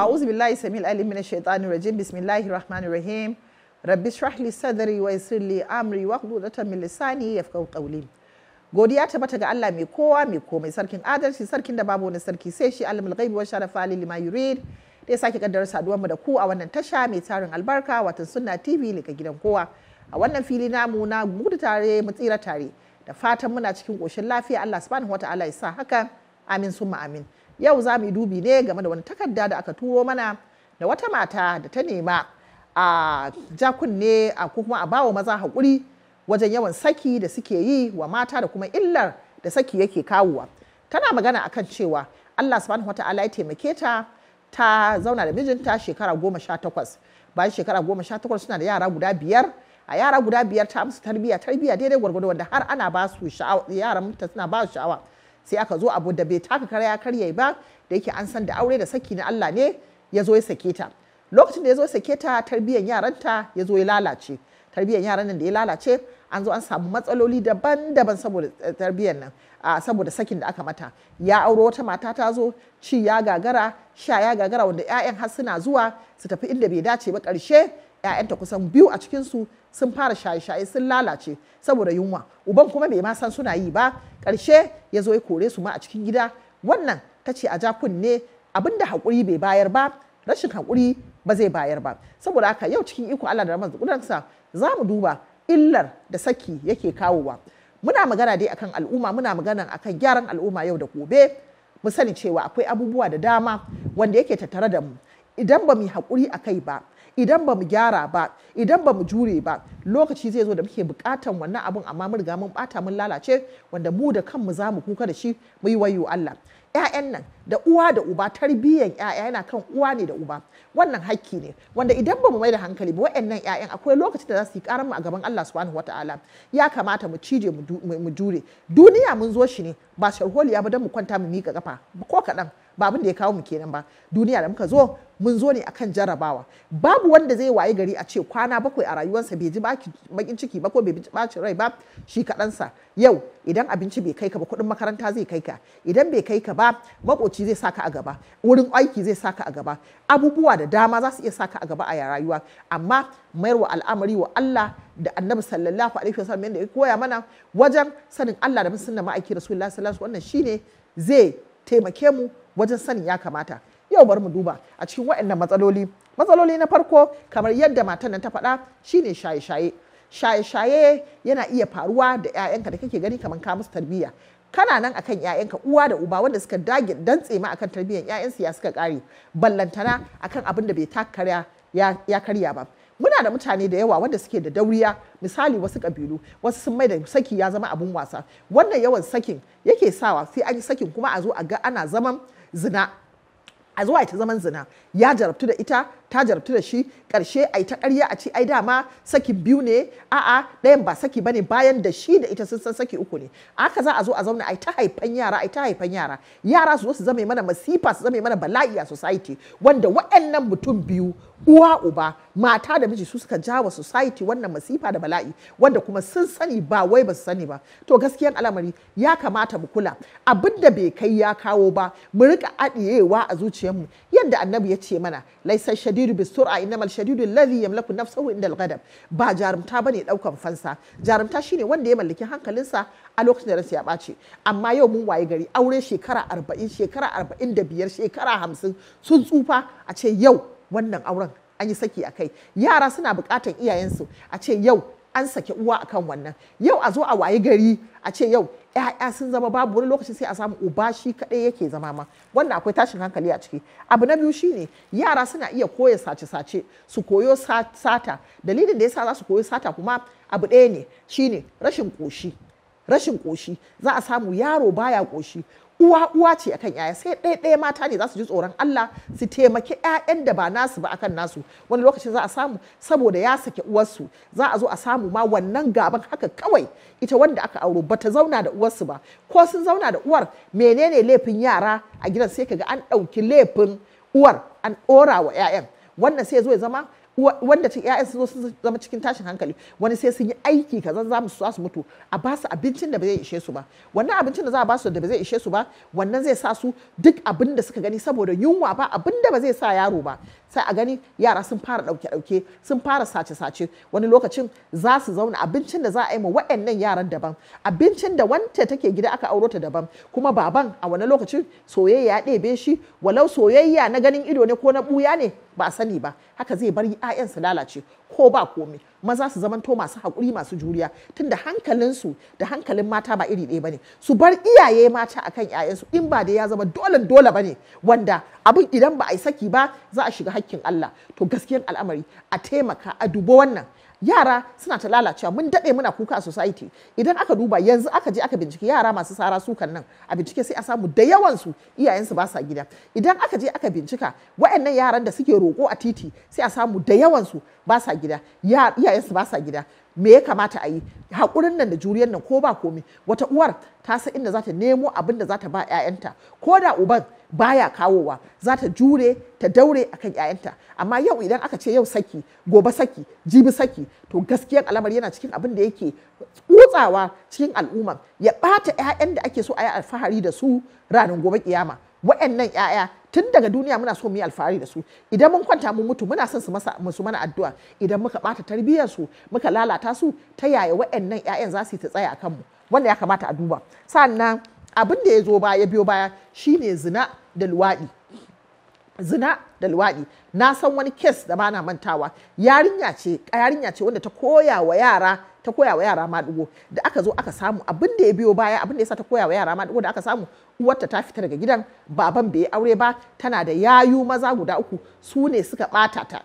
أعوذ بالله سميع العليم من الشيطان الرجيم بسم الله الرحمن الرحيم rabbi shrahli sadari wa yasirli amri wa qudatan min lisani yafqahu qawli godiya ta bata ga Allah mai kowa mai komai sarkin adalci sarkin da babu wani sarki sai shi alimul ghaibi wa sharafa ali lima yurid da sake kaddara saduwar mu da ku a wannan tasha mai tarin albarka watan sunna tv lika gidan kowa a wannan fili namu na gudu tare mu tsira tare da fatan muna cikin koshin lafiya Allah subhanahu wataala ya sa haka amin summa amin yau za mu yi dubi ne game da wani takarda da aka turo mana da wata mata da ta nema a jakunne a kuma a bawa maza haƙuri wajen yawan saki da suke yi wa mata da kuma illar da saki yake kawowa tana magana akan cewa Allah subhanahu ta'ala ya taimake ta ta zauna da mijinta shekara goma sha takwas bayan shekara goma sha takwas suna da yara guda biyar a yara guda biyar ta musu tarbiyya tarbiyya daidai gwargwado wanda har ana ba su sha'awa yaran ta suna ba su sha'awa sai aka zo abu da bai taka kara ya karya ba da yake an san da aure da saki na Allah ne ya zo ya sake ta lokacin da ya zo ya sake ta tarbiyyar yaranta ya zo ya lalace tarbiyyar yaran nan da ya lalace an zo an samu matsaloli daban-daban saboda eh, tarbiyyar nan saboda sakin da aka mata ya auro wata mata ta zo ci ya gagara sha ya gagara wanda 'ya'yan har suna zuwa su tafi inda bai dace ba ƙarshe 'ya'yanta kusan biyu a cikinsu sun fara shaye-shaye sun lalace saboda yunwa uban kuma bai ma san suna yi ba Karshe? ya zo ya kore su ma a cikin gida wannan ta ce a ja ne abin da haƙuri bai bayar ba rashin haƙuri ba zai bayar ba saboda haka yau cikin iko Allah da ramar kudansa za mu duba illar da saki yake kawowa muna magana dai akan al'umma muna magana akan gyaran al'umma yau da gobe mu sani cewa akwai abubuwa da dama wanda yake tattare da mu idan ba mu yi haƙuri a kai ba idan ba mu gyara ba idan ba mu jure ba lokaci zai zo da muke bukatan wannan abun amma mun riga mun bata mun lalace wanda mu da kanmu za mu kuka da shi mu yi wayo Allah ‘ya'yan nan da uwa da uba tarbiyyan ‘ya'ya yana kan uwa ne da uba wannan hakki ne wanda idan ba mu mai da hankali ba waɗannan ‘ya'yan akwai lokacin da za su yi karan mu a gaban Allah subhanahu wata'ala ya kamata mu cije mu jure duniya mun zo shi ne ba sharholiya ba don mu kwanta mu mika kafa ko kaɗan ba abin da ya kawo mu kenan ba duniya da muka zo mun zo ne akan jarabawa babu wanda zai wayi gari a ce kwana bakwai a rayuwarsa bai ji bakin ciki ba ko bai ji bacin rai ba shi kaɗansa yau idan abinci bai kai ka ba kuɗin makaranta zai kai ka idan bai kai ka ba makoci zai saka a gaba wurin aiki zai saka a gaba abubuwa da dama za su iya saka a gaba a rayuwa amma mayar wa al'amari wa Allah da annabi sallallahu alaihi wasallam yadda ya koya mana wajen sanin Allah da mun sunna ma'aiki rasulullahi sallallahu alaihi wasallam wannan shine zai taimake mu wajen sanin ya kamata yau bari mu duba a cikin waɗannan matsaloli matsaloli na farko kamar yadda matan nan ta faɗa shine shaye-shaye shaye-shaye yana iya faruwa da 'ya'yanka da kake gani kamar ka musu tarbiyya kana nan akan 'ya'yanka uwa da uba wanda suka dage dantse ma akan tarbiyyar 'ya'yansu ya suka kare ballantana akan abin da bai takarya ya karya ba muna da mutane da yawa wanda suke da dauriya misali wasu kabilu wasu sun mai da saki ya zama abun wasa wannan yawan sakin yake sawa sai an yi sakin kuma a zo a ga ana zaman zina a zuwa ita zaman zina ya jarabtu da ita ta jarabtu da shi karshe ai ta ƙarya a ci ai dama saki biyu ne a'a ɗayan ba saki bane bayan da shi da ita sun san saki uku ne haka za a zo a zauna ai ta haifan yara ai ta haifan yara yara su zo su zame mana masifa su zame mana bala'i a society wanda waɗannan mutum biyu uwa uba mata da miji su suka jawa society wannan masifa da bala'i wanda kuma sun sani ba wai ba su sani ba to gaskiyan al'amari ya kamata mu kula abin da bai kai ya kawo ba mu rika adiyewa a zuciyarmu yadda annabi ya ce mana laisar shadi shadidu bis sur'a innamal shadidu alladhi yamlaku nafsahu inda al ba jarumta bane daukan fansa jarumta shine wanda ya mallaki hankalinsa a lokacin da ransa ya amma yau mun waye gari aure shekara 40 shekara 45 shekara 50 sun tsufa a ce yau wannan auren an yi saki akai yara suna bukatan iyayensu a ce yau an saki uwa akan wannan yau a zo a waye gari a ce yau 'ya'ya sun zama babu wani lokaci sai a samu uba shi kaɗai yake zama ma wannan akwai tashin hankali a ciki abu na biyu shine yara suna iya koya sace-sace su koyo sata dalilin da yasa za su koyo sata kuma abu ɗaya ne shine rashin koshi rashin ƙoshi za a samu yaro baya koshi. uwa uwa ce akan yaya sai ɗaya ɗaya mata ne za su ji tsoron Allah su taimaki ƴaƴan da ba nasu ba akan nasu wani lokaci za a samu saboda ya sake uwarsu za a zo a samu ma wannan gaban haka kawai ita wanda aka auro bata zauna da uwarsu ba ko sun zauna da uwar menene laifin yara a gidan sai kaga an ɗauki laifin uwar an ɗora wa ƴaƴan wannan sai zo ya zama wanda ta ya'yan su zo zama cikin tashin hankali wani sai sun yi aiki kaza za mu su mutu a ba su abincin da ba zai ishe su ba wannan abincin da za a ba su da ba zai ishe su ba wannan zai sa su duk abin da suka gani saboda yunwa ba abin da ba zai sa yaro ba sai a gani yara sun fara dauke dauke sun fara sace sace wani lokacin za su zauna abincin da za a yi ma waɗannan yaran daban abincin da wanta take gida aka auro ta daban kuma baban a wani lokacin soyayya ya ɗebe shi walau soyayya na ganin ido ne ko na buya ne ba a sani ba haka zai bar 'ya'yan su lalace ko ba komai maza su zamanto masu hakuri masu juriya tunda hankalinsu da hankalin mata ba iri ɗaya bane su bar iyaye mata akan 'ya'yansu in ba da ya zama dole dole bane wanda abin idan ba a yi saki ba za a shiga hakkin Allah to gaskiyar al'amari a taimaka a dubo wannan yara suna ta lalacewa mun daɗe muna kuka a society idan aka duba yanzu aka je aka bincike yara masu sara sukan nan a bincike sai a samu da yawansu iyayensu ba sa gida idan aka je aka bincika waɗannan yaran da suke roƙo a titi sai a samu da yawansu ba sa gida iyayensu ba sa gida me ya kamata a yi haƙurin nan da juriyar nan ko ba komai wata uwar ta sa inda za ta nemo abin da za ta ba 'ya'yanta ko da uban baya kawowa za ta jure ta daure akan 'ya'yanta amma yau idan aka ce yau saki gobe saki jibi saki to gaskiyar al'amari yana cikin abin da yake tsutsawa cikin al'umma ya ɓata 'ya'yan da ake so a yi alfahari da su ranar gobe kiyama wa'annan yaya tun daga duniya muna so mu yi alfahari da su idan mun kwanta mun mutu muna son su masa musu mana addu'a idan muka bata tarbiyyar su muka lalata su ta yaya wa'annan yayan za su yi ta tsaya a kanmu wanda ya kamata a duba sannan abin da ya zo baya ya biyo baya shine zina da luwaɗi zina da luwaɗi na san wani kes da bana mantawa yarinya ce yarinya ce wanda ta koya wa yara ta koya wa yara maɗigo da aka zo aka samu abin da ya biyo baya abin da ya sa ta koya wa yara maɗigo da aka samu uwarta ta fita daga gidan baban bai aure ba tana da yayu maza guda uku su ne suka ɓata ta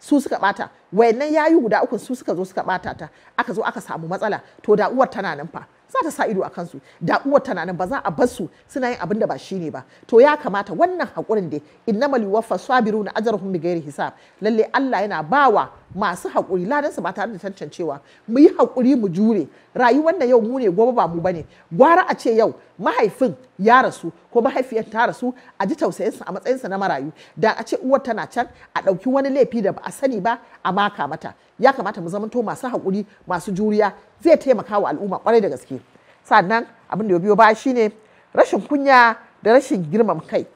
su suka ɓata wayannan yayu guda uku su suka zo suka ɓata ta aka zo aka samu matsala to da uwar tana nan fa za ta sa ido a kansu da uwar tana nan ba za a bar su suna yin abin da ba shine ba to ya kamata wannan hakurin dai innamal yuwaffa sabiruna ajrahum bighairi hisab lalle Allah yana bawa masu haƙuri ladansa ba tare da tantancewa mu yi haƙuri mu jure rayuwar da yau mu ne gobe ba mu bane gwara a ce yau mahaifin ya rasu ko mahaifiyar ta rasu a ji tausayinsa a matsayinsa na marayu da a ce uwar tana can a ɗauki wani laifi da ba a sani ba a maka mata ya kamata mu zamanto masu haƙuri masu juriya zai taimaka wa al'umma kwarai da gaske sannan abin da ya biyo baya shine rashin kunya da rashin girmam kai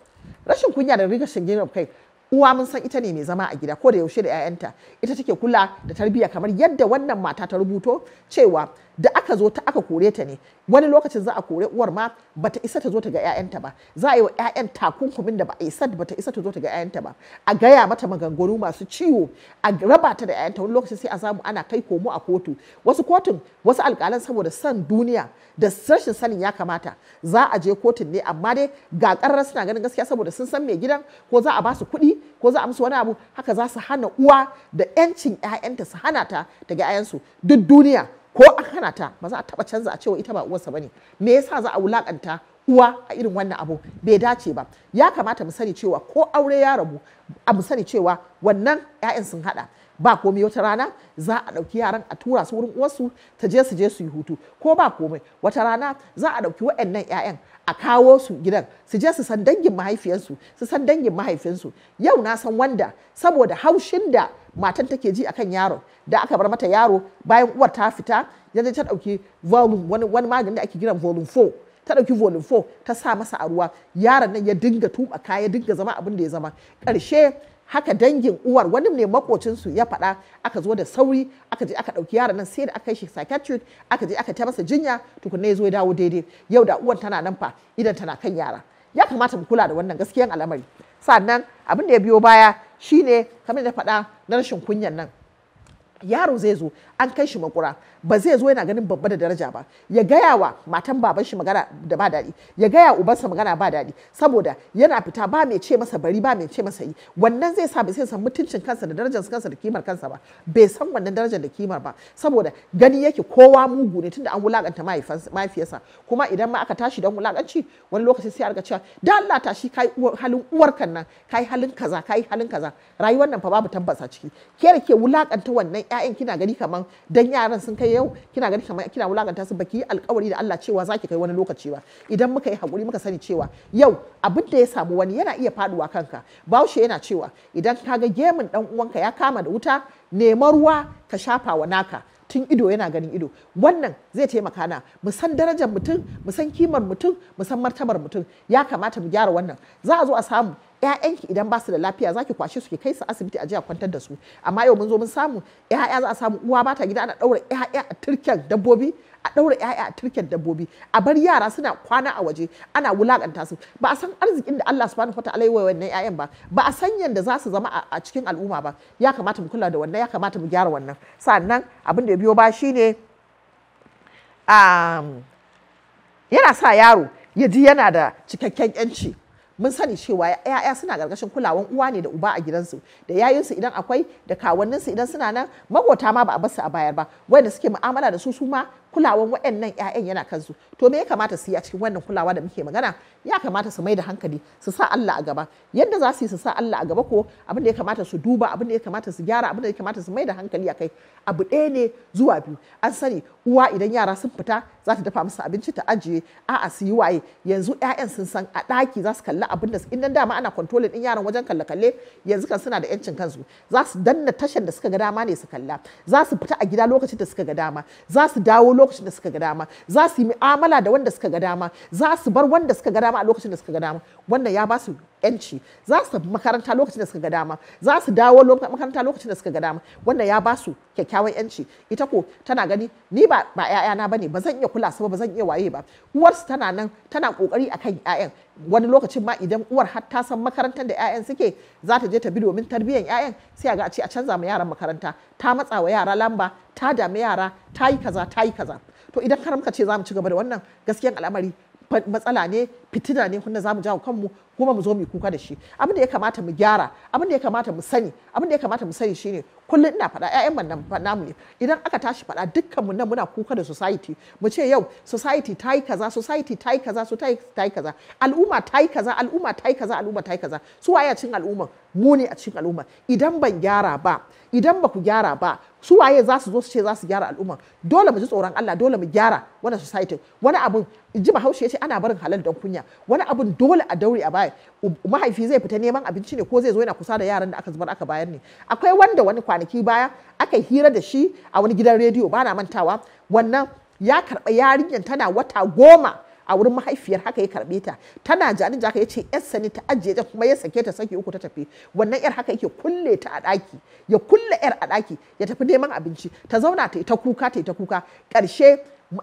rashin kunya da rashin girmam kai uwa mun san ita ne mai zama a gida ko da yaushe da 'ya'yanta ita take kula da tarbiyya kamar yadda wannan mata ta rubuto cewa da aka zo ta aka kore ta ne wani lokacin za a kore uwar ma bata isa ta zo ta ga 'ya'yanta ba za a yi wa 'ya'yan takunkumin da ba a isa bata isa ta zo ta ga 'ya'yanta ba a gaya mata maganganu masu ciwo a raba ta da 'ya'yanta wani lokacin sai a zamu ana kai komo a kotu wasu kotun wasu alƙalan saboda san duniya da rashin sanin ya kamata za a je kotun ne amma dai ga ƙarar suna ganin gaskiya saboda sun san mai gidan ko za a ba su kuɗi ko za a musu wani abu haka za su hana uwa da 'yancin 'ya'yanta su hana ta daga 'ya'yansu duk duniya ko an hana ta ba za a taba canza a cewa ita ba uwarsa bane me yasa za a wulakanta uwa a irin wannan abu bai dace ba ya kamata mu sani cewa ko aure ya rabu a mu sani cewa wannan 'ya'yan sun hada ba komai wata rana za a ɗauki yaran a tura su wurin uwarsu ta je su je su yi hutu ko ba komai wata rana za a ɗauki waɗannan 'ya'yan a kawo su gidan su je su san dangin mahaifiyarsu su san dangin mahaifinsu yau na san wanda saboda haushin da matan take ji akan yaron da aka bar mata yaro bayan uwar ta fita yanzu ta ɗauki wani wani magani da ake kiran volume 4 ta ɗauki volume 4 ta sa masa a ruwa yaron nan ya dinga tuba kaya ya dinga zama abin da ya zama ƙarshe haka dangin uwar wani ne makocinsu ya faɗa aka zo da sauri aka je aka ɗauki yaran nan sai da aka yi shi psychiatric aka je aka ta masa jinya tukunna ya zo ya dawo daidai yau da uwar tana nan fa idan tana kan yara ya kamata mu kula da wannan gaskiyan al'amari sannan abin da ya biyo baya shine kamar da faɗa na rashin kunyan nan yaro zai zo an kai shi makura ba zai zo yana ganin babba da daraja ba ya gaya wa matan baban shi magana da ba daɗi ya gaya wa ubansa magana ba daɗi saboda yana fita ba mai ce masa bari ba mai ce masa yi wannan zai sa ba zai san mutuncin kansa da darajar kansa da kimar kansa ba bai san wannan darajar da kimar ba saboda gani yake kowa mugu ne tunda an wulakanta mahaifiyarsa kuma idan ma aka tashi don wulakanci wani lokaci sai a ga cewa da Allah tashi kai halin uwarkan nan kai halin kaza kai halin kaza rayuwar nan fa babu tabbasa ciki ke da ke wulakanta wannan ƴaƴan kina gani kaman dan yaran sun kai yau kina ganin kamar kina wulakanta su baki alkawari da Allah cewa zaki kai wani lokaci ba idan muka yi hakuri muka sani cewa yau abin da ya samu wani yana iya faduwa kanka baushe yana cewa idan ka ga gemin dan uwanka ya kama da wuta nema ruwa ka shafa wa naka tun ido yana ganin ido wannan zai taimaka na musan san darajar mutum musan kimar mutum mu san martabar mutum ya kamata mu gyara wannan za a zo a samu ƴaƴanki idan ba su da lafiya zaki kwashe su ki kai su asibiti a jiya a kwantar da su amma yau mun zo mun samu ƴaƴa za a samu uwa ba ta gida ana ɗaura ƴaƴa a turken dabbobi a ɗaura ƴaƴa a turken dabbobi a bar yara suna kwana a waje ana wulakanta su ba a san arzikin da Allah subhanahu wataala ya wannan ƴaƴan ba ba a san yanda za su zama a cikin al'umma ba ya kamata mu kula da wannan ya kamata mu gyara wannan sannan abin da ya biyo ba shine ne yana sa yaro ya ji yana da cikakken 'yanci mun sani cewa ya'ya suna ƙarƙashin kulawan uwa ne da uba a gidansu da yayinsu idan akwai da kawanninsu idan suna nan magota ma ba a basu a bayar ba wanda suke mu'amala da su su ma kulawan waɗannan 'ya'yan yana kansu to me ya kamata su yi a cikin wannan kulawa da muke magana ya kamata su mai da hankali su sa Allah a gaba yadda za su yi su sa Allah a gaba ko abin da ya kamata su duba abin da ya kamata su gyara abin da ya kamata su mai da hankali a kai abu ɗaya ne zuwa biyu an sani uwa idan yara sun fita za ta dafa musu abinci ta ajiye a'a su yi waye yanzu ya'yan sun san a ɗaki za su kalli abin da in dama ana kontrolin ɗin yaran wajen kalle kalle yanzu kan suna da yancin kansu za su danna tashar da suka ga dama ne su kalla za su fita a gida lokacin da suka ga dama za su dawo lokacin da suka ga dama za su yi mu'amala da wanda suka ga dama za su bar wanda suka ga dama a lokacin da suka ga dama wannan ya ba su yanci za su tafi makaranta lokacin da suka ga dama za su dawo makaranta lokacin da suka ga dama wannan ya ba su kyakkyawan yanci ita ko tana gani ni ba ba ƴaƴana bane ba zan iya kula su ba ba zan iya waye ba uwarsu tana nan tana kokari akan ƴaƴan wani lokacin ma idan uwar har ta san makarantar da ƴaƴan suke za ta je ta bi domin tarbiyyar ƴaƴan sai a ga a ce a canza ma yaran makaranta ta matsa wa yara lamba ta dami yara ta yi kaza ta yi kaza to idan karamka ce za mu ci gaba da wannan gaskiyan al'amari matsala ne fitina ne kunna za mu jawo kanmu kuma mu zo mu kuka da shi abin da ya kamata mu gyara abin da ya kamata mu sani abin da ya kamata mu sani shine kullum ina faɗa ƴaƴan man nan mu ne idan aka tashi faɗa dukkan mu nan muna kuka da society mu ce yau society ta yi kaza society ta yi kaza society ta yi kaza al'umma ta yi kaza al'umma ta yi kaza al'umma ta yi kaza su waye a cikin al'umma mu ne a cikin al'umma idan ban gyara ba idan ba ku gyara ba su waye za su zo su ce za su gyara al'umma dole mu ji tsoron Allah dole mu gyara wannan society wani abun ji bahaushe ya ce ana barin halal don kunya hanya wani abun dole a daure a baya um, mahaifi zai fita neman abinci ne ko zai zo yana kusa da yaran da aka zubar aka bayar ne akwai wanda wani kwanaki baya aka hira da shi a wani gidan rediyo bana mantawa wannan ya karɓa yarinyar tana wata goma a wurin mahaifiyar haka ya karbe ta tana jani jaka ya ce yarsa ne ta ajiye ta kuma ya sake ta saki uku ta tafi wannan yar haka yake kulle ta a daki ya kulle yar a daki ya tafi neman abinci ta zauna ta yi ta kuka ta yi ta kuka karshe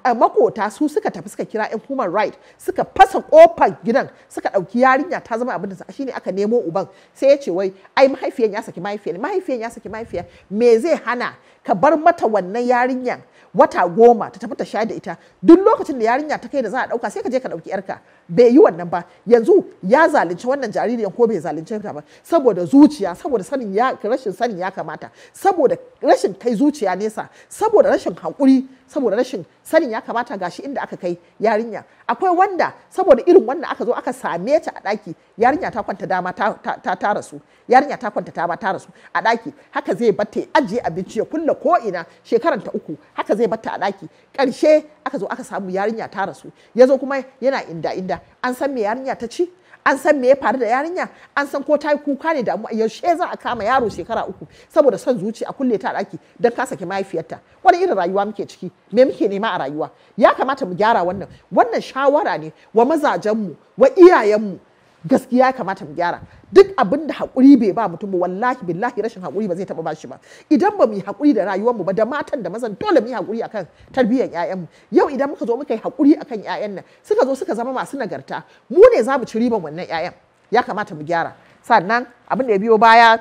Eh, makota su suka tafi suka kira yan human right suka fasa kofar gidan suka ɗauki yarinya ta zama abin da shine aka nemo uban sai ya ce wai ai mahaifiyan ya saki mahaifiyan mahaifiyan ya saki mahaifiyar me zai hana ka bar mata wannan yarinyan wata goma ta tafi ta sha da ita duk lokacin da yarinya ta kai da za a ɗauka sai ka je ka ɗauki yarka bai yi wannan ba yanzu ya zalunci wannan jaririyan ko bai zalunce ta ba saboda zuciya saboda sanin ya rashin sanin ya kamata saboda rashin kai zuciya nesa saboda rashin hakuri saboda rashin sanin ya kamata gashi inda aka kai yarinya akwai wanda saboda irin wanda aka zo aka same ta a ɗaki yarinya ta kwanta dama ta ta rasu yarinya ta kwanta dama ta rasu a ɗaki haka zai batte ajiye abinci ya kulla ko ina shekaran ta uku haka zai batta a ɗaki ƙarshe aka zo aka samu yarinya ta rasu ya zo kuma yana inda inda an san me yarinya ta ci an san me ya faru da yarinya an san ko ta yi kuka ne da yaushe za a kama yaro shekara uku saboda son zuci a kulle ta daki don ka saki mahaifiyarta wani irin rayuwa muke ciki me muke nema a rayuwa ya kamata mu gyara wannan wannan shawara ne wa mazajenmu wa iyayenmu gaskiya ya kamata mu gyara duk abin da haƙuri bai ba mutum ba wallahi billahi rashin haƙuri ba zai taɓa bashi ba idan ba mu yi haƙuri da rayuwar mu ba da matan da mazan dole mu yi haƙuri akan tarbiyyar ƴaƴan mu yau idan muka zo muka yi haƙuri akan ƴaƴan nan suka zo suka zama masu nagarta mu ne za mu ci riban wannan ƴaƴan ya kamata mu gyara sannan abin da ya biyo baya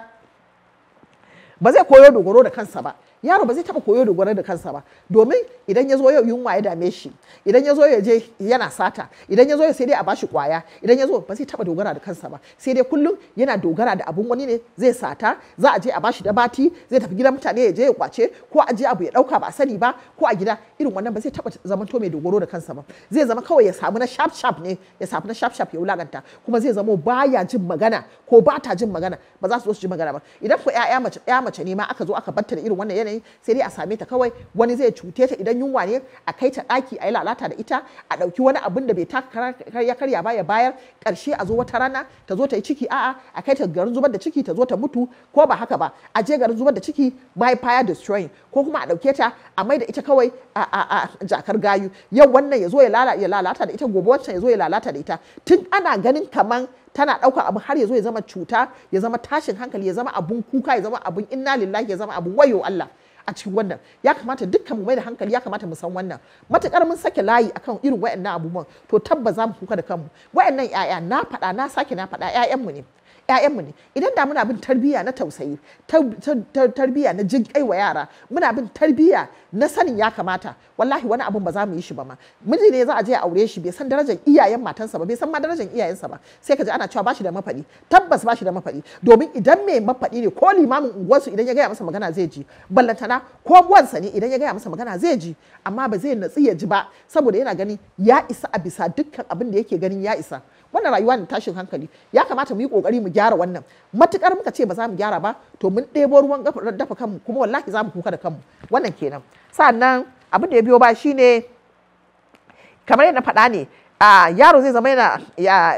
ba zai koyo dogaro da kansa ba yaro ba zai taba koyo dogara da kansa ba domin idan ya zo yau yunwa ya dame shi idan ya zo ya je yana sata idan ya zo ya sai dai a bashi kwaya idan ya zo ba zai taba dogara da kansa ba sai dai kullum yana dogara da abun wani ne zai sata za a je a bashi da bati zai tafi gidan mutane ya je ya kwace ko a je abu ya dauka ba sani ba ko a gida irin wannan ba zai taba zama to mai dogaro da kansa ba zai zama kawai ya samu na sharp sharp ne ya samu na sharp sharp ya wulaganta kuma zai zama baya jin magana ko ba ta jin magana ba za su zo su ji magana ba idan ko ya mace ne ma aka zo aka batta da irin wannan yanayi sai dai a same ta kawai wani zai cute ta idan yunwa ne a kai ta daki a yi lalata da ita a ɗauki wani abin da bai taka karya karya ba ya bayar karshe a zo wata rana ta zo ta yi ciki a'a a kai ta garin zubar da ciki ta zo ta mutu ko ba haka ba a je garin zubar da ciki mahaifa fire destroying ko kuma a ɗauke ta a mai da ita kawai a a a jakar gayu yau wannan ya zo ya lalata da ita gobe wancan ya zo ya lalata da ita tun ana ganin kaman tana ɗaukar abin har ya zo ya zama cuta ya zama tashin hankali ya zama abun kuka ya zama abun inna lillahi ya zama abun wayo Allah a cikin wannan ya kamata dukkan mu mai da hankali ya kamata mu san wannan matukar mun sake layi akan irin wayannan abubuwan to tabba za mu kuka da kanmu wayannan yaya na faɗa na sake na faɗa yayan mu ne ƴaƴanmu ne idan da muna bin tarbiyya na tausayi tarbiyya na jin kai wa yara muna bin tarbiyya na sanin ya kamata wallahi wani abun ba za mu yi shi ba ma miji ne za a je a aure shi bai san darajar iyayen matansa ba bai san ma darajar iyayensa ba sai ka ji ana cewa bashi da mafaɗi tabbas bashi da mafaɗi domin idan mai mafaɗi ne ko limamin unguwarsu idan ya gaya masa magana zai ji ballantana ko buwansa ne idan ya gaya masa magana zai ji amma ba zai natsi ya ji ba saboda yana gani ya isa a bisa dukkan abin da yake ganin ya isa wannan rayuwa ne tashin hankali ya kamata mu yi kokari mu gyara wannan matukar muka ce ba za mu gyara ba to mun ɗebo ruwan dafa kanmu kuma wallahi za mu kuka da kanmu wannan kenan sannan abin da ya biyo ba shine kamar yadda faɗa ne yaro zai zama yana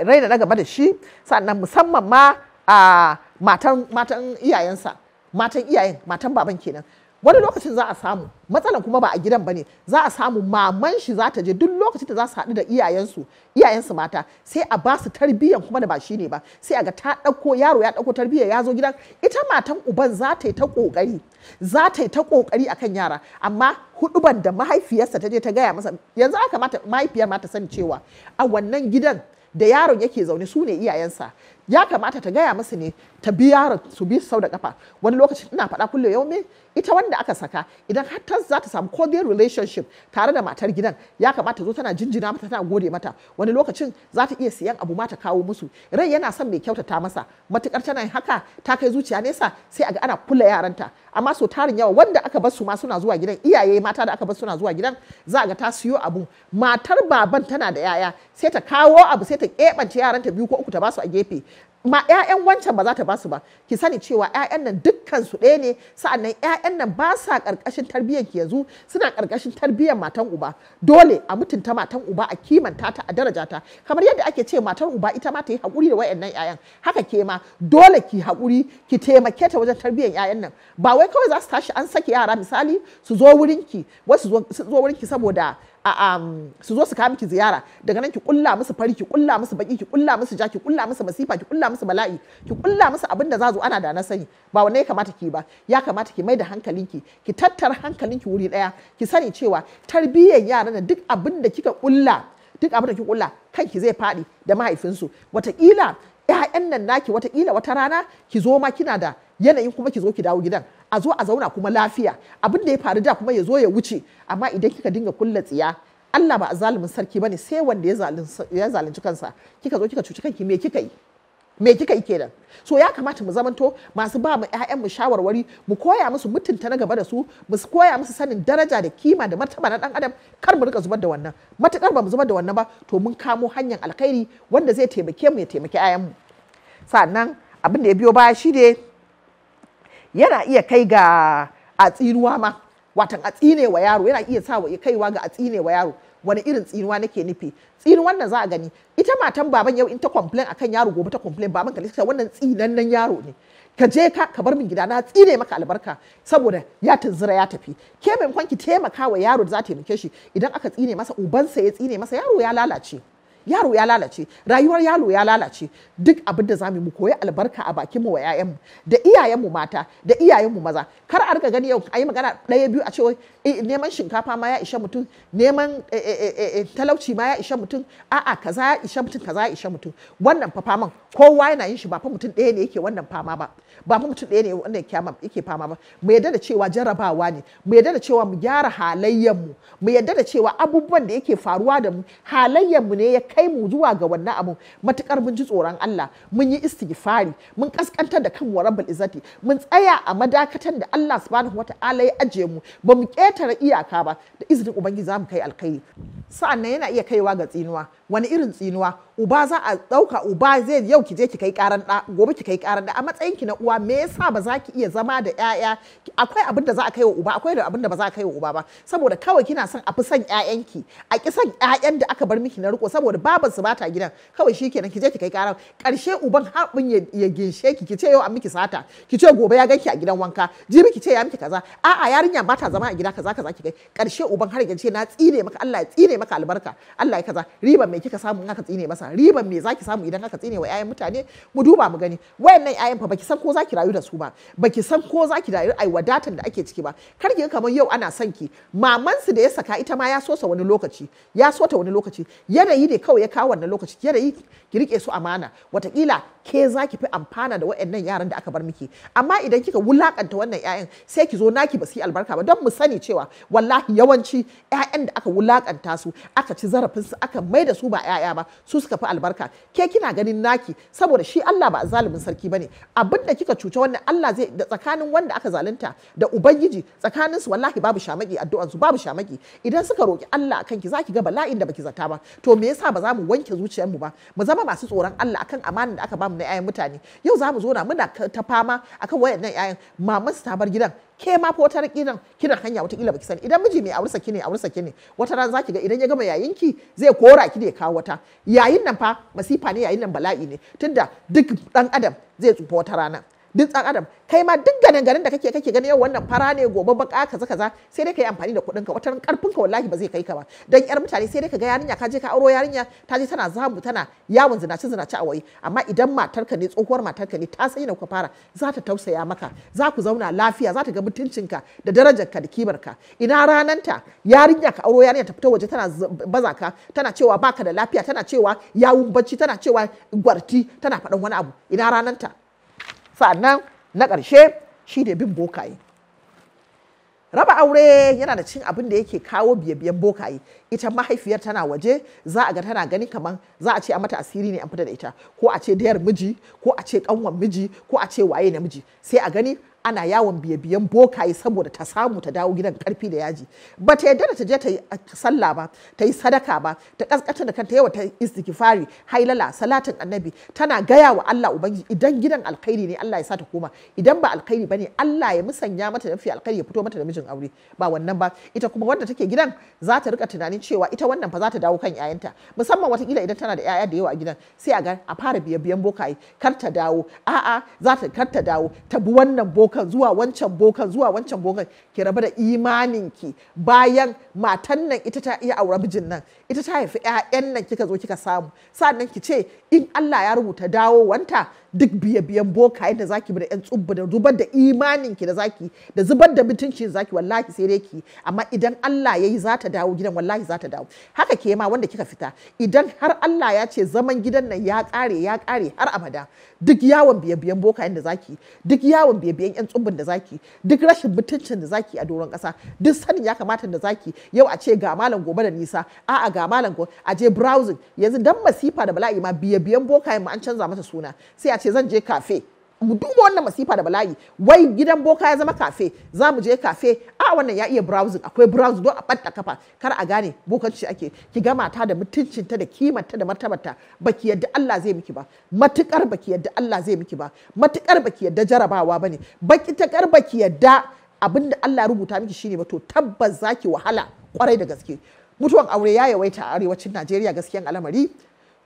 raina na gaba da shi sannan musamman ma matan iyayensa matan iyayen matan baban kenan wani lokacin za a samu matsalan kuma ba a gidan ba ne za a samu maman shi za ta je duk lokacin da za su haɗu da iyayensu iyayensu mata sai a ba su tarbiyyan kuma da ba shi ne ba sai a ga ta ɗauko yaro ya ɗauko tarbiyya ya zo gidan ita matan uban za ta yi ta ƙoƙari za ta yi ta ƙoƙari akan yara amma huduban da mahaifiyarsa ta je ta gaya masa yanzu aka mata mahaifiyar ma ta sani cewa a wannan gidan da yaron yake zaune su ne iyayensa ya kamata ta gaya masa ne ta bi yaron su bi sau da kafa wani lokacin ina faɗa kullum yau ita wanda aka saka idan har ta za ta samu cordial relationship tare da matar gidan ya kamata zo tana jinjina mata tana gode mata wani lokacin za ta iya siyan abu ma ta kawo musu rai yana son mai kyautata masa matukar tana haka ta kai zuciya nesa sai a ga ana kula yaranta amma so tarin yawa wanda aka bar su ma suna zuwa gidan iyaye mata da aka bar suna zuwa gidan za ga ta siyo abu matar baban tana da yaya sai ta kawo abu sai ta kebance yaranta biyu ko uku ta basu a gefe ma 'ya'yan wancan ba za ta basu ba ki sani cewa 'ya'yan nan dukkan su ɗaya ne sa'annan 'ya'yan nan ba sa ƙarƙashin tarbiyyar ki yanzu suna ƙarƙashin tarbiyyar matan uba dole a mutunta matan uba a kimanta ta a daraja ta kamar yadda ake ce matar uba ita ma ta yi haƙuri da wayannan 'ya'yan haka ke ma dole ki haƙuri ki taimake ta wajen tarbiyyar 'ya'yan nan ba wai kawai za su tashi an sake yara misali su zo wurinki wasu zo wurinki saboda Um, su zo su kawo miki ziyara daga nan ki kulla musu fari ki kulla musu baki ki kulla musu ja ki kulla musu masifa ki kulla musu bala'i ki kulla musu abin da za zo ana da na sani ba wanne ya kamata ki ba ya kamata ki mai da hankalinki ki tattara hankalinki wuri daya ki sani cewa tarbiyyar yara da duk abin da kika kulla duk abin da kika kulla kanki zai fadi da mahaifinsu wataƙila 'ya'yan nan naki wataƙila wata rana ki zo ma kina da yanayin kuma ki zo ki dawo gidan a zo a zauna kuma lafiya abin da ya faru da kuma ya zo ya wuce amma idan kika dinga kulla tsiya Allah ba a zalumin sarki bane sai wanda ya zalunci kansa kika zo kika cuci kanki me kika yi me kika yi kenan so ya kamata mu zamanto masu ba mu ƴaƴan mu shawarwari mu koya musu mutunta na gaba da su mu koya musu sanin daraja da kima da martaba na dan adam kar mu rika zubar da wannan matukar ba mu zubar da wannan ba to mun kamo hanyar alkhairi wanda zai taimake mu ya taimake ƴaƴan mu sannan abin da ya biyo baya shi ne yana iya kai ga a tsinuwa ma watan a tsine wa yaro yana iya sa ya kaiwa ga a tsine wa yaro wani irin tsinuwa nake nufi tsinuwan nan za a gani ita matan baban yau in ta complain akan yaro gobe ta complain baban ka wannan tsinannen yaro ne ka je ka ka bar min gida na tsine maka albarka saboda ya tunzura ya tafi ke maimakon ki taimaka wa yaro da za ta taimake shi idan aka tsine masa ubansa ya tsine masa yaro ya lalace yaro ya lalace rayuwar yaro ya lalace duk abin da zamu mu koyi albarka a bakin mu wa mu. da iyayen mu mata da iyayen mu maza kar a riga gani yau ayi magana ɗaya biyu a ce eh, neman shinkafa ma ya ishe mutum neman eh, eh, talauci ma ya ishe mutum a'a kaza ya ishe mutum kaza ya ishe mutum wannan fa faman kowa yana yin shi ba fa mutum ɗaya ne yake wannan fama ba ba fa mutum ɗaya ne wannan kyama yake fama ba mu yadda da cewa jarabawa ne mu yadda da cewa mu gyara halayyan mu mu yadda da cewa abubuwan da yake faruwa da mu halayyan mu ne ya kai mu zuwa ga wannan abu. matukar mun ji tsoron Allah mun yi istighfari mun kaskantar da kanmu rabbul izzati mun tsaya a madakatan da Allah subhanahu wata'ala ya aje mu ba mu ketare iyaka ba da izinin ubangiji za mu kai alkhairi sa'annan yana iya kaiwa ga tsinuwa wani irin tsinuwa uba za a ɗauka uba zai yau ki je ki kai karan da gobe ki kai karan da a matsayin ki na uwa me yasa ba za ki iya zama da ƴaƴa akwai abin da za a kai wa uba akwai abin da ba za a kai wa uba ba saboda kawai kina son a fi son ki a ki son ƴaƴan da aka bar miki na riko saboda baban su bata gidan kawai shikenan ki je ki kai karan karshe uban haɓin ya ginshe ki ki ce yau a miki sata ki ce gobe ya ganki a gidan wanka jibi ki ce ya miki kaza a'a yarinya ba ta zama a gida kaza kaza ki kai karshe uban har ya ce na tsine maka Allah ya tsine maka albarka Allah ya kaza riba me kika samu in aka tsine masa riban me zaki samu idan aka tsine wa ƴaƴan mutane mu duba mu gani wayannan ƴaƴan fa baki san ko zaki rayu da su ba baki san ko zaki rayu ai wadatan da ake ciki ba kar ki kamar yau ana son ki maman su da ya saka ita ma ya so sa wani lokaci ya so ta wani lokaci yanayi ne kawai ya kawo wannan lokaci yanayi ki rike su amana watakila ke zaki fi amfana da wayannan yaran da aka bar miki amma idan kika wulakanta wannan ƴaƴan sai ki zo naki ba su yi albarka ba don mu sani cewa wallahi yawanci ƴaƴan da aka wulakanta su aka ci zarafin su aka mai da su ba ƴaƴa ba su suka suka fi albarka ke kina ganin naki saboda shi Allah ba zalimin sarki bane abin da kika cuce wannan Allah zai da tsakanin wanda aka zalunta da ubangiji tsakanin su wallahi babu shamaki addu'an su babu shamaki idan suka roki Allah akan ki zaki ga bala'in da baki zata ba to me yasa ba za mu wanke zuciyar mu ba mu zama masu tsoron Allah akan amanan da aka bamu na 'ya'yan mutane yau za mu zo na muna ta fama akan wayannan 'ya'yan Maman su ta bar gidan ke ma fa wata kinan kina hanya wata kila baki sani idan miji mai aursa ki ne aursa ki ne wata ran zaki ga idan ya gama yayin ki zai kora ki da ya kawo wata yayin nan fa masifa ne yayin nan bala'i ne tunda duk dan adam zai tsufa wata rana duk tsan adam kai ma duk ganin ganin da kake kake gani yau wannan fara ne gobe baka kaza kaza sai dai kai amfani da kuɗinka wata ran karfinka wallahi ba zai kai ka ba dan yar mutane sai dai ka ga yarinya ka je ka auro yarinya ta je tana zamu tana yawon zinace zinace a waye amma idan matarka ne tsohuwar matar ka ne ta sai na ku fara za ta tausaya maka za ku zauna lafiya za ta ga mutuncinka da darajarka da kibarka ina rananta yarinya ka auro yarinya ta fito waje tana baza ka tana cewa baka da lafiya tana cewa yawun bacci tana cewa gwarti tana faɗan wani abu ina rananta sa'annan na karshe shi ne bin bokaye raba aure yana da cin abin da yake kawo biye-biyen bokaye ita mahaifiyar tana waje za a ga tana gani kamar za a ce a mata asiri ne an fita da ita ko a ce dayar miji ko a ce kanwan miji ko a ce waye namiji sai a gani ana yawon biye-biyen bokaye saboda ta samu ta dawo gidan karfi da yaji ba ta yadda da ta je ta yi uh, sallah ba ta yi sadaka ba ta kaskata da kanta yawa ta istighfari hailala salatin annabi tana gaya wa Allah ubangiji idan gidan alkhairi ne Allah ya sa ta koma idan ba alkhairi bane Allah ya musanya mata da fi alkhairi ya fito mata da mijin aure ba wannan ba ita kuma wanda take gidan za ta rika tunanin cewa ita wannan fa za ta dawo kan 'ya'yanta musamman watakila idan tana da 'ya'ya da yawa a gidan sai a ga a fara biye-biyen bokaye kar ta dawo a'a za ta kar ta dawo ta bi wannan boka bokan zuwa wancan bokan zuwa wancan bokan ki rabu da imanin ki bayan matan nan ita ta iya aure bijin nan ita ta haifi 'ya'yan nan kika zo kika samu sannan ki ce in Allah ya rubuta dawowanta duk biye biyan boka yadda zaki bi da yan tsubba da zubar da imanin ki da zaki da zubar da mutuncin zaki wallahi sai dai ki amma idan Allah yayi za ta dawo gidan wallahi za ta dawo haka ke ma wanda kika fita idan har Allah ya ce zaman gidan nan ya kare ya kare har abada duk yawon biye biyan boka yadda zaki duk yawon biye biyan yan tsubbin da zaki duk rashin mutuncin da zaki a doron kasa duk sanin ya kamata da zaki yau a ce ga malam gobe da nisa a'a ga malam gobe a je browsing yanzu dan masifa da bala'i ma biye biyan boka an canza masa suna sai a ce zan je kafe mu duba wannan masifa da bala'i wai gidan boka ya zama kafe za mu je kafe a wannan ya iya browsing akwai browsing don a ɓanta kafa kar a gane bokanci ake ki ga mata da mutuncinta da kimanta da martabarta baki yadda Allah zai miki ba matukar baki yadda Allah zai miki ba matukar baki yadda jarabawa bane baki kar baki yadda da Allah rubuta miki shine ba to tabbas zaki wahala kwarai da gaske mutuwan aure ya yawaita a arewacin Najeriya gaskiyan al'amari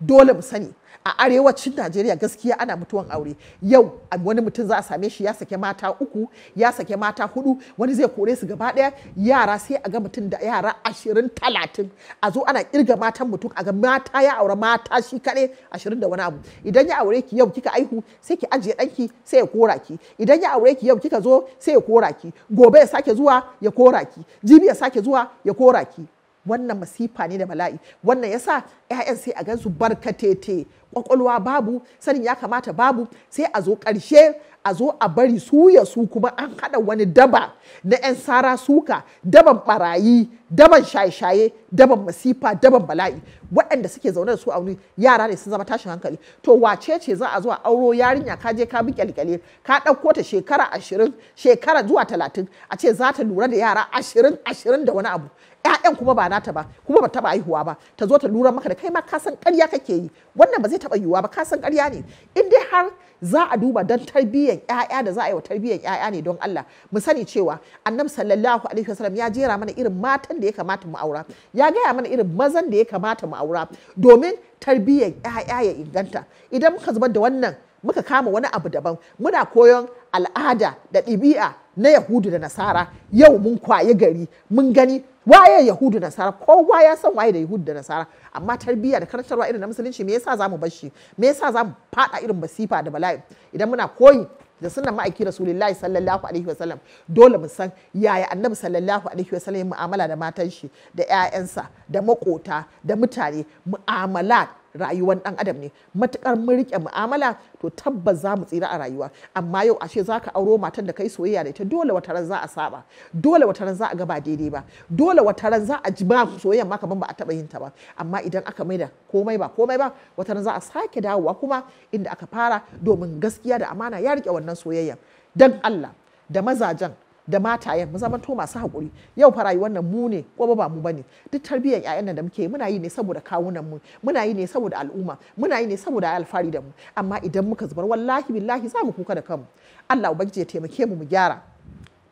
dole mu sani a arewacin najeriya gaskiya ana mutuwan aure yau wani mutum za a same shi ya sake mata uku ya sake mata hudu wani zai kore su gaba daya yara sai a ga mutum da yara ashirin talatin a zo ana kirga matan mutum a ga mata ya aure mata shi kaɗai ashirin da wani abu idan ya aure ki yau kika aihu sai ki ajiye danki sai ya kora ki idan ya aure ki yau kika zo sai ya kora ki gobe ya sake zuwa ya kora ki jibi ya sake zuwa ya kora ki wannan masifa ne da bala'i wannan yasa ƴaƴan sai a gansu barkatete kwakwalwa babu sanin ya kamata babu sai a zo ƙarshe a zo a bari su ya su kuma an haɗa wani daba na 'yan sara suka daban barayi daban shaye-shaye daban masifa daban bala'i waɗanda suke zaune da su a wani yara ne sun zama tashin hankali to wace ce za a zo a auro yarinya ka je ka bi kyalkyale ka ɗauko ta shekara ashirin shekara zuwa talatin a ce za ta lura da yara ashirin ashirin da wani abu ƴaƴan kuma ba nata ba kuma ba taba haihuwa ba ta zo ta lura maka da kai ma ka san ƙarya kake yi wannan ba zai taba yiwuwa ba ka san ƙarya ne in dai har za a duba don tarbiyyar ƴaƴa da za a yi wa tarbiyyar ƴaƴa ne don Allah mu sani cewa annabi sallallahu alaihi wasallam ya jera mana irin matan da ya kamata mu aura ya gaya mana irin mazan da ya kamata mu aura domin tarbiyyar ƴaƴa ya inganta idan muka zubar da wannan muka kama wani abu daban muna koyon al'ada da ɗabi'a na yahudu da nasara yau mun kwaye gari mun gani waye yahudu nasara kowa ya san waye da yahudu da nasara amma tarbiyya da karantarwa irin na musulunci me yasa zamu bar shi me yasa zamu fada irin basifa da bala'i idan muna koyi da sunan ma'aiki rasulullahi sallallahu alaihi wasallam dole mu san yaya annabi sallallahu alaihi wasallam mu'amala da matan shi da 'ya'yansa da makota da mutane mu'amala rayuwar ɗan adam ne matukar mun rike mu'amala to tabbas za mu tsira a rayuwa amma yau ashe za ka auro matan da kai soyayya da ita dole wata ran za a saba dole wata ran za a ga daidai ba dole wata ran za a ji ba soyayya ma kaman ba a taba yin ta ba amma idan aka maida komai ba komai ba wata ran za a sake dawowa kuma inda aka fara domin gaskiya da amana ya rike wannan soyayya dan Allah da mazajen da mataye mu zaman to masu hakuri yau fa rayuwar nan mu ne ko ba mu bane duk tarbiyyar ƴaƴan nan da muke muna yi ne saboda kawunan mu muna yi ne saboda al'umma muna yi ne saboda alfari da mu amma idan muka zubar wallahi billahi za mu kuka da kanmu Allah ubangiji ya taimake mu mu gyara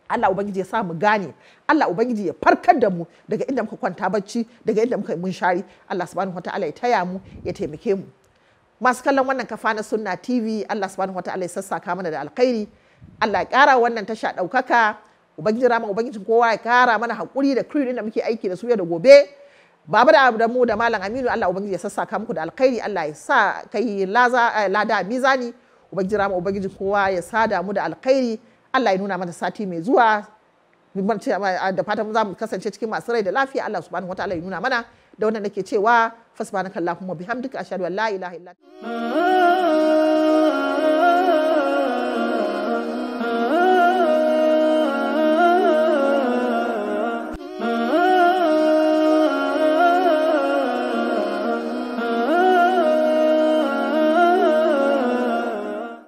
Allah Ubangiji ya sa mu gane Allah Ubangiji ya farkar da mu daga inda muka kwanta bacci daga inda muka mun shari Allah subhanahu wataala ya taya mu ya taimake mu masu kallon wannan kafa na sunna TV Allah subhanahu wataala ya sassa mana da alkhairi Allah ya kara wannan tasha ɗaukaka. ubangiji rama ubangiji kowa ya kara mana hakuri da kuri da muke aiki da su yau da gobe baba da abu da mu da malam aminu Allah ubangiji ya sassaka muku da alkhairi Allah ya sa kai laza eh, lada mizani ubangiji rama ubangiji kowa ya sada mu da alkhairi Allah ya nuna mana sati mai zuwa eh, da fatan za mu kasance cikin masu rai da lafiya Allah subhanahu wataala ya nuna mana da wannan nake cewa fasbanaka Allahumma bihamdika ashhadu an la ilaha illa anta